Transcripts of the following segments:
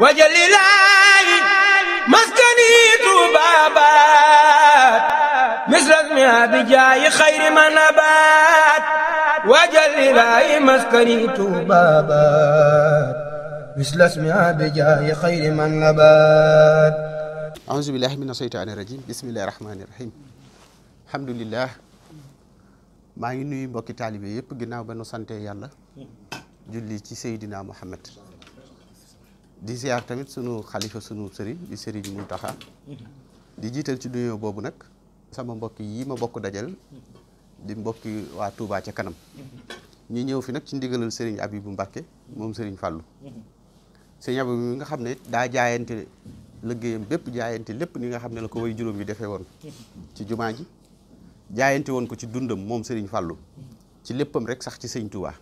wajalilaayi maskani tuubaabaat misrasmi abijaayi xayri manabaat wajalilaayi maskani tuubaabaat misrasmi abijaayi xayri manabaat auzu billaahi ngi nuyu mbokki taalibe yëpp ginnaaw ba nu sante yàlla julli ci Seydina Muhammad di tamit sunu xalifa sunu sëriñ di sëriñ Muntaxa di jiital ci nuyoo boobu nag sama mbokk yi ma mbokk dajal di mbokki waa Touba ca kanam ñu ñëw fi nag ci ndigalal sëriñ Abibu mbakke moom sëriñ Fàllu sëriñ Abibu mi nga xam ne daa jaayante liggéeyam bépp jaayante lépp ni nga xam ne la ko way juróom yi defee woon ci jumaa ji jaayante woon ko ci dundam moom sëriñ Fàllu ci léppam rek sax ci sëriñ Touba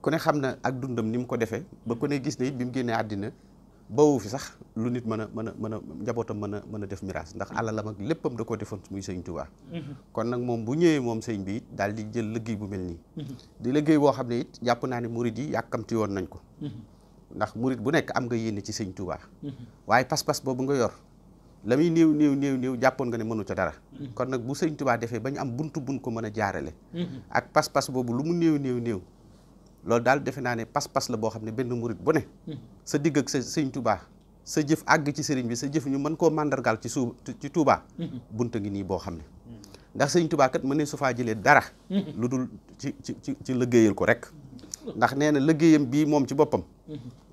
ku na ak dundam ni mu ko defee ba bi mu génnee àddina bawu fi sax lu nit a mën a mën a njabootam a a def miraas ndax alalam mm-hmm. kon nag moom bu ñëwee moom sëñ bi it daal di jël bu mel nii mm-hmm. di boo xam ne it ne murid yi yàkkamti woon nañ ko mm-hmm. ndax bu nekk am nga yéene ci sëñ Tuubaa waaye pas-pas boobu nga yor la muy néew néew néew néew jàppoon nga ne mënu ca dara kon nag bu sëñ Tuubaa defee ba ñu am buntu bunt ko mën a jaarale ak pas-pas boobu lu mu néew néew néew loolu daal defe naa ne pas-pas la boo xam ne benn murit bu ne hmm. sa digg ak sa sëñ tubaa sa jëf àgg ci sëriñ bi sa jëf ñu mën koo màndargaal ci suuf ci tubaa hmm. bunt ngi nii boo xam ne hmm. ndax sëñ tubaa kat mën ne su faa jëlee dara lu dul ci ci ci liggéeyal ko rek ndax nee na liggéeyam bii moom ci boppam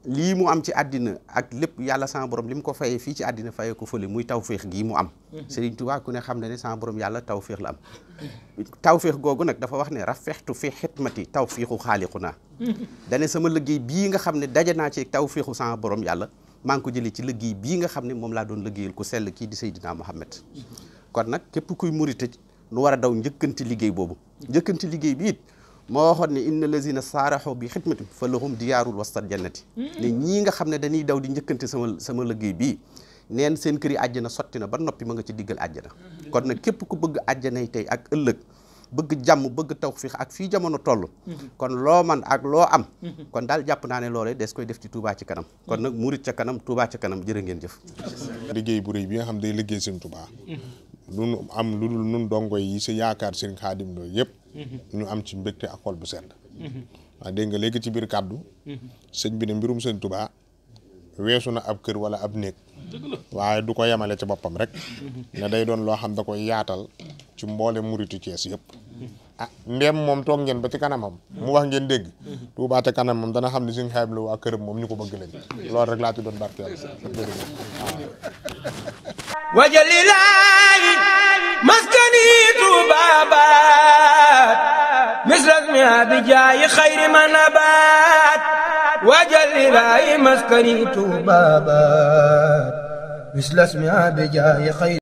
lii mu am ci àddina ak lépp yàlla sama borom li mu ko fayee fii ci àddina fayee ko fële muy tawféex gi mu am mhm. Serigne Touba ku ne xam ne ne sama borom yàlla tawféex la am tawféex googu nag dafa wax ne rafextu fi xitmati tawféexu xaaliqu naa mhm. dane sama liggéey bii nga xam ne daje naa ci tawféexu sama borom yàlla maa ngi ko jëlee ci liggéey bii nga xam ne moom laa doon liggéeyal ku sell kii di Seydina Muhammad mhm. kon nag képp kuy murite nu war a daw njëkkanti liggéey boobu njëkkanti liggéey bi moo waxoon ne inna lazina saaraxoo bi xidmatim fa lahum diyaarul wastal jannati ne ñii nga xam ne dañuy daw di njëkkante sama sama liggéey bii neen seen këri yi àjjana sotti na ba noppi ma nga ci diggal àjjana kon nag képp ku bëgg àjjanay tey ak ëllëg bëgg jàmm bëgg tawfiix ak fii jamono toll kon loo man ak loo am kon daal jàpp naa ne loolee des koy def ci Touba ci kanam kon nag murit ca kanam Touba ca kanam jërë ngeen jëf liggéey bu rëy bi nga xam day liggéey seen Touba lu nu am lu dul nun dongo yi si yaakaar seen xaadim loolu Mm-hmm. ñu am ci mbégte ak xol bu sedd mm-hmm. waa dégg nga léegi ci biir kàddu mm-hmm. sëñ bi ne mbirum sëñ tubaa weesu na ab kër wala ab néeg waaye du ko yemale ci boppam rek ne day doon loo xam da koy yaatal ci mboole muritu Cees yëpp ah ndeem moom toog ngeen ba ci kanamam mu wax ngeen dégg Tuubaa te kanamam dana xam ne suñ xayma la waa këram moom ñu ko bëgg lañ loolu rek laa ci doon barkeel wajalilaayi maskani bijaayi xayri ma nabaat waajal ilaahi maskani tuubaabaat mislasmi bijaayi xayri